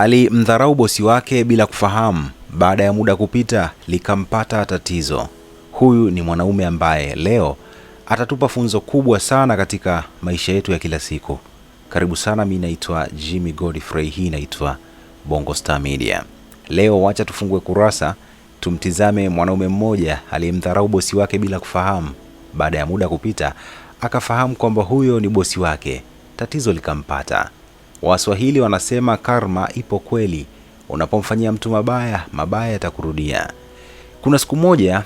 Alimdharau bosi wake bila kufahamu. Baada ya muda kupita, likampata tatizo. Huyu ni mwanaume ambaye leo atatupa funzo kubwa sana katika maisha yetu ya kila siku. Karibu sana, mi naitwa Jimmy Godfrey, hii inaitwa Bongo Star Media. Leo wacha tufungue kurasa, tumtizame mwanaume mmoja aliyemdharau bosi wake bila kufahamu. Baada ya muda kupita, akafahamu kwamba huyo ni bosi wake, tatizo likampata. Waswahili wanasema karma ipo kweli, unapomfanyia mtu mabaya, mabaya yatakurudia. Kuna siku moja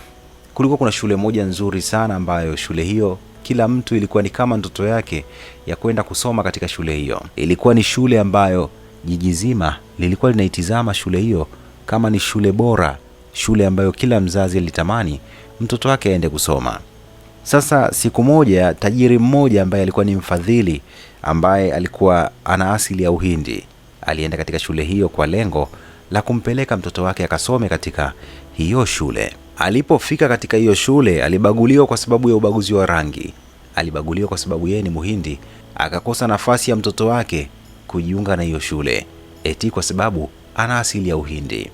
kulikuwa kuna shule moja nzuri sana, ambayo shule hiyo kila mtu ilikuwa ni kama ndoto yake ya kwenda kusoma katika shule hiyo. Ilikuwa ni shule ambayo jiji zima lilikuwa linaitizama shule hiyo kama ni shule bora, shule ambayo kila mzazi alitamani mtoto wake aende kusoma. Sasa siku moja tajiri mmoja ambaye alikuwa ni mfadhili ambaye alikuwa ana asili ya Uhindi alienda katika shule hiyo kwa lengo la kumpeleka mtoto wake akasome katika hiyo shule. Alipofika katika hiyo shule, alibaguliwa kwa sababu ya ubaguzi wa rangi. Alibaguliwa kwa sababu yeye ni Muhindi, akakosa nafasi ya mtoto wake kujiunga na hiyo shule, eti kwa sababu ana asili ya Uhindi.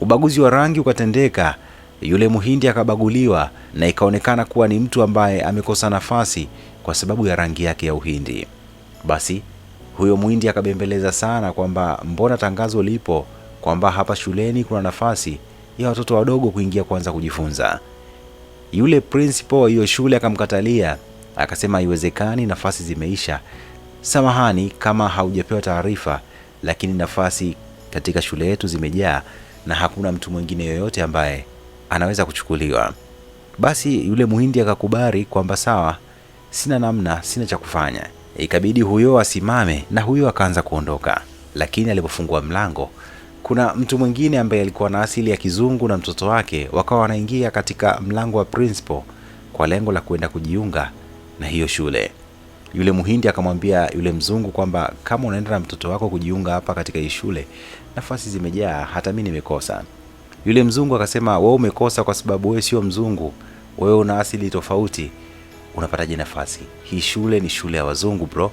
Ubaguzi wa rangi ukatendeka, yule Muhindi akabaguliwa na ikaonekana kuwa ni mtu ambaye amekosa nafasi kwa sababu ya rangi yake ya Uhindi. Basi huyo mwindi akabembeleza sana kwamba mbona tangazo lipo kwamba hapa shuleni kuna nafasi ya watoto wadogo kuingia kuanza kujifunza. Yule principal wa hiyo shule akamkatalia, akasema haiwezekani, nafasi zimeisha. Samahani kama haujapewa taarifa, lakini nafasi katika shule yetu zimejaa na hakuna mtu mwingine yoyote ambaye anaweza kuchukuliwa. Basi yule muhindi akakubali kwamba sawa, sina namna, sina cha kufanya. Ikabidi huyo asimame na huyo akaanza kuondoka, lakini alipofungua mlango kuna mtu mwingine ambaye alikuwa na asili ya kizungu na mtoto wake wakawa wanaingia katika mlango wa principal kwa lengo la kwenda kujiunga na hiyo shule. Yule muhindi akamwambia yule mzungu kwamba kama unaenda na mtoto wako kujiunga hapa katika hii shule, nafasi zimejaa, hata mimi nimekosa. Yule mzungu akasema, wewe umekosa kwa sababu wewe sio mzungu, wewe una asili tofauti, unapataje nafasi hii? Shule ni shule ya wazungu bro.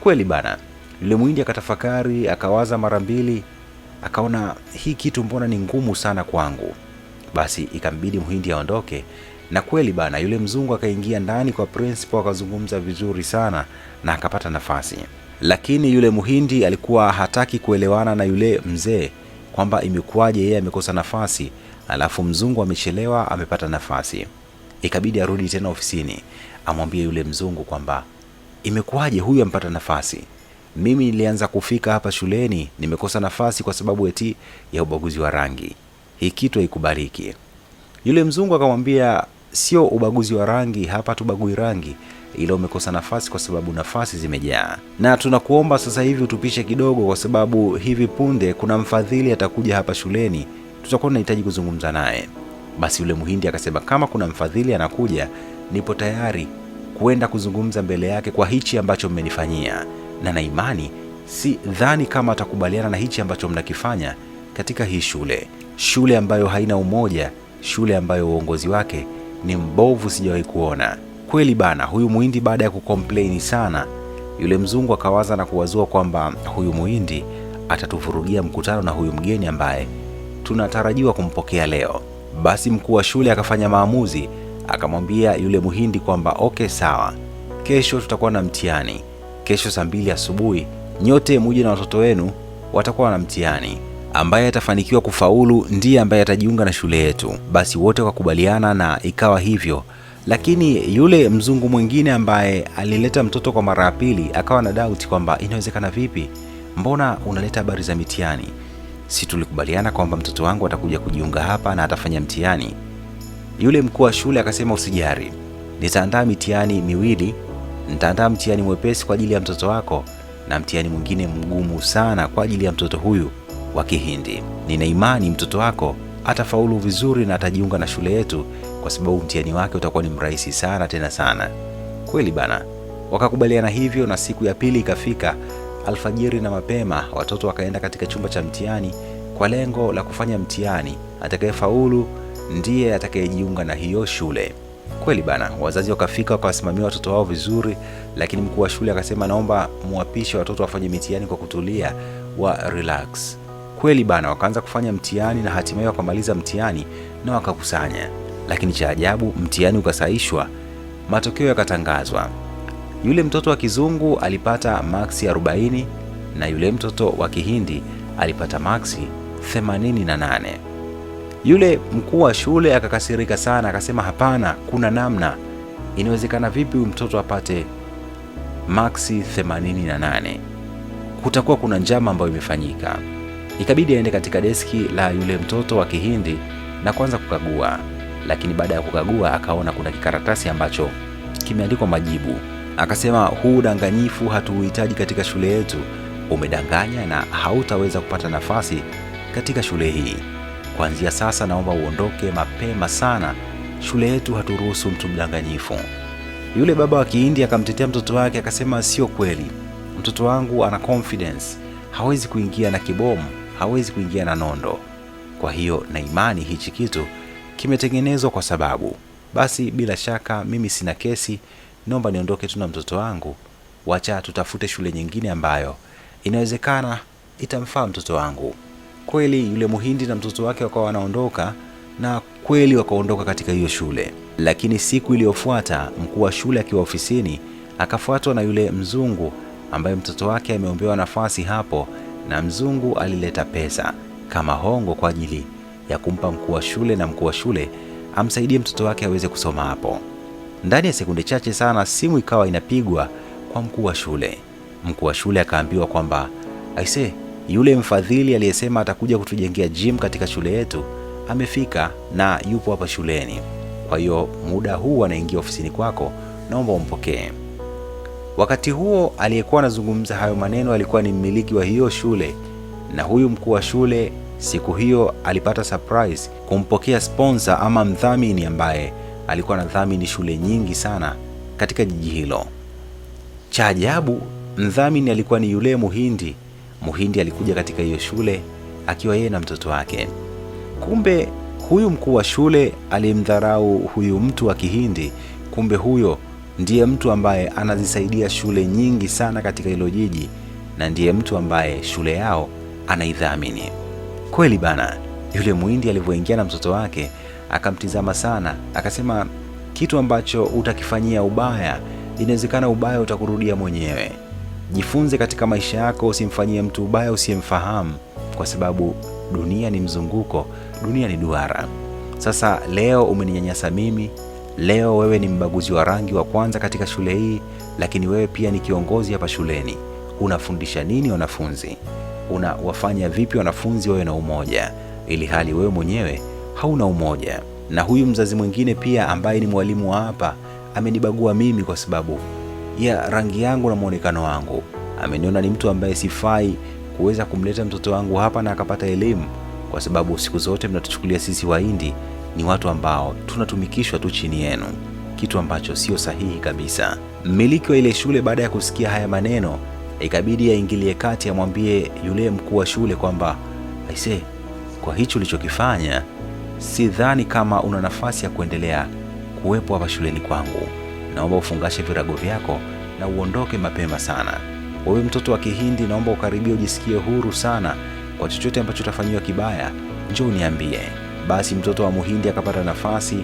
Kweli bana. Yule muhindi akatafakari, akawaza mara mbili, akaona hii kitu mbona ni ngumu sana kwangu. Basi ikambidi muhindi aondoke, na kweli bana, yule mzungu akaingia ndani kwa principal, akazungumza vizuri sana na akapata nafasi, lakini yule muhindi alikuwa hataki kuelewana na yule mzee kwamba imekuwaje yeye amekosa nafasi alafu mzungu amechelewa amepata nafasi. Ikabidi arudi tena ofisini amwambie yule mzungu kwamba imekuwaje huyu ampata nafasi, mimi nilianza kufika hapa shuleni nimekosa nafasi kwa sababu eti ya ubaguzi wa rangi. Hii kitu haikubaliki. Yule mzungu akamwambia, sio ubaguzi wa rangi, hapa tubagui rangi, ila umekosa nafasi kwa sababu nafasi zimejaa, na tunakuomba sasa hivi utupishe kidogo, kwa sababu hivi punde kuna mfadhili atakuja hapa shuleni, tutakuwa tunahitaji kuzungumza naye. Basi yule Mhindi akasema kama kuna mfadhili anakuja, nipo tayari kwenda kuzungumza mbele yake kwa hichi ambacho mmenifanyia, na na imani si dhani kama atakubaliana na hichi ambacho mnakifanya katika hii shule, shule ambayo haina umoja, shule ambayo uongozi wake ni mbovu, sijawahi kuona kweli bana. Huyu Muhindi baada ya kukomplaini sana, yule mzungu akawaza na kuwazua kwamba huyu Muhindi atatuvurugia mkutano na huyu mgeni ambaye tunatarajiwa kumpokea leo. Basi mkuu wa shule akafanya maamuzi, akamwambia yule Muhindi kwamba okay, sawa, kesho tutakuwa na mtihani. Kesho saa mbili asubuhi nyote muje na watoto wenu, watakuwa na mtihani. Ambaye atafanikiwa kufaulu ndiye ambaye atajiunga na shule yetu. Basi wote wakakubaliana na ikawa hivyo. Lakini yule mzungu mwingine ambaye alileta mtoto kwa mara ya pili akawa na doubt kwamba inawezekana vipi, mbona unaleta habari za mitihani? si tulikubaliana kwamba mtoto wangu atakuja kujiunga hapa na atafanya mtihani? Yule mkuu wa shule akasema, usijari, nitaandaa mitihani miwili. Nitaandaa mtihani mwepesi kwa ajili ya mtoto wako na mtihani mwingine mgumu sana kwa ajili ya mtoto huyu wa Kihindi. Nina imani mtoto wako atafaulu vizuri na atajiunga na shule yetu, kwa sababu mtihani wake utakuwa ni mrahisi sana tena sana. Kweli bana, wakakubaliana hivyo, na siku ya pili ikafika. Alfajiri na mapema watoto wakaenda katika chumba cha mtihani kwa lengo la kufanya mtihani. Atakayefaulu ndiye atakayejiunga na hiyo shule. Kweli bana, wazazi wakafika wakawasimamia watoto wao vizuri, lakini mkuu wa shule akasema, naomba muwapishe watoto wafanye mitihani kwa kutulia, wa relax. Kweli bana, wakaanza kufanya mtihani na hatimaye wakamaliza mtihani na wakakusanya, lakini cha ajabu, mtihani ukasaishwa matokeo yakatangazwa. Yule mtoto wa kizungu alipata maksi 40 na yule mtoto wa kihindi alipata maksi 88. Yule mkuu wa shule akakasirika sana, akasema hapana, kuna namna. Inawezekana vipi huyu mtoto apate maksi 88? Kutakuwa kuna njama ambayo imefanyika. Ikabidi aende katika deski la yule mtoto wa kihindi na kuanza kukagua, lakini baada ya kukagua akaona kuna kikaratasi ambacho kimeandikwa majibu. Akasema huu udanganyifu hatuuhitaji katika shule yetu, umedanganya na hautaweza kupata nafasi katika shule hii. Kuanzia sasa naomba uondoke mapema sana, shule yetu haturuhusu mtu mdanganyifu. Yule baba wa Kihindi akamtetea mtoto wake akasema, sio kweli, mtoto wangu ana confidence, hawezi kuingia na kibomu, hawezi kuingia na nondo. Kwa hiyo na imani hichi kitu kimetengenezwa kwa sababu, basi bila shaka mimi sina kesi naomba niondoke tu na mtoto wangu, wacha tutafute shule nyingine ambayo inawezekana itamfaa mtoto wangu. Kweli yule muhindi na mtoto wake wakawa wanaondoka, na kweli wakaondoka katika hiyo shule. Lakini siku iliyofuata mkuu wa shule akiwa ofisini akafuatwa na yule mzungu ambaye mtoto wake ameombewa nafasi hapo, na mzungu alileta pesa kama hongo kwa ajili ya kumpa mkuu wa shule na mkuu wa shule amsaidie mtoto wake aweze kusoma hapo. Ndani ya sekunde chache sana simu ikawa inapigwa kwa mkuu wa shule. Mkuu wa shule akaambiwa kwamba aise, yule mfadhili aliyesema atakuja kutujengea gym katika shule yetu amefika na yupo hapa shuleni, kwa hiyo muda huu anaingia ofisini kwako, naomba umpokee. Wakati huo aliyekuwa anazungumza hayo maneno alikuwa ni mmiliki wa hiyo shule, na huyu mkuu wa shule siku hiyo alipata surprise kumpokea sponsor ama mdhamini ambaye alikuwa anadhamini shule nyingi sana katika jiji hilo. Cha ajabu, mdhamini alikuwa ni yule Muhindi. Muhindi alikuja katika hiyo shule akiwa yeye na mtoto wake. Kumbe huyu mkuu wa shule alimdharau huyu mtu wa Kihindi, kumbe huyo ndiye mtu ambaye anazisaidia shule nyingi sana katika hilo jiji na ndiye mtu ambaye shule yao anaidhamini. Kweli bana, yule Muhindi alivyoingia na mtoto wake akamtizama sana, akasema, kitu ambacho utakifanyia ubaya inawezekana ubaya utakurudia mwenyewe. Jifunze katika maisha yako, usimfanyie mtu ubaya usiyemfahamu, kwa sababu dunia ni mzunguko, dunia ni duara. Sasa leo umeninyanyasa mimi, leo wewe ni mbaguzi wa rangi wa kwanza katika shule hii, lakini wewe pia ni kiongozi hapa shuleni. Unafundisha nini wanafunzi? Unawafanya vipi wanafunzi wawe na umoja, ili hali wewe mwenyewe hauna umoja. Na huyu mzazi mwingine pia ambaye ni mwalimu wa hapa amenibagua mimi kwa sababu ya rangi yangu na mwonekano wangu. Ameniona ni mtu ambaye sifai kuweza kumleta mtoto wangu hapa na akapata elimu, kwa sababu siku zote mnatuchukulia sisi Wahindi ni watu ambao tunatumikishwa tu chini yenu, kitu ambacho sio sahihi kabisa. Mmiliki wa ile shule baada ya kusikia haya maneno, ikabidi aingilie kati, amwambie yule mkuu wa shule kwamba aise, kwa hicho ulichokifanya sidhani kama una nafasi ya kuendelea kuwepo hapa shuleni kwangu. Naomba ufungashe virago vyako na uondoke mapema sana. Wewe mtoto wa Kihindi, naomba ukaribia, ujisikie huru sana. Kwa chochote ambacho utafanyiwa kibaya, njoo uniambie. Basi mtoto wa Muhindi akapata nafasi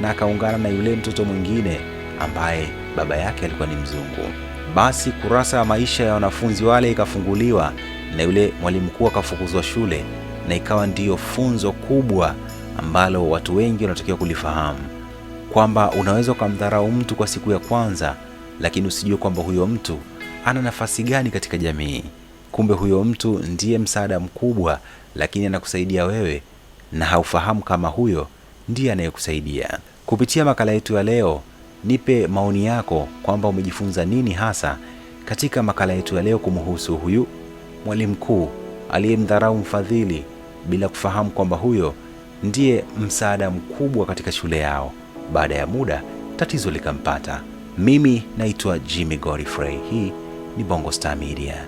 na akaungana na yule mtoto mwingine ambaye baba yake alikuwa ni mzungu. Basi kurasa ya maisha ya wanafunzi wale ikafunguliwa na yule mwalimu mkuu akafukuzwa shule, na ikawa ndiyo funzo kubwa ambalo watu wengi wanatakiwa kulifahamu kwamba unaweza ukamdharau mtu kwa siku ya kwanza, lakini usijue kwamba huyo mtu ana nafasi gani katika jamii. Kumbe huyo mtu ndiye msaada mkubwa, lakini anakusaidia wewe na haufahamu kama huyo ndiye anayekusaidia. Kupitia makala yetu ya leo, nipe maoni yako kwamba umejifunza nini hasa katika makala yetu ya leo kumhusu huyu mwalimu mkuu aliyemdharau mfadhili bila kufahamu kwamba huyo ndiye msaada mkubwa katika shule yao. Baada ya muda, tatizo likampata. Mimi naitwa Jimmy Godfrey, hii ni Bongo Star Media.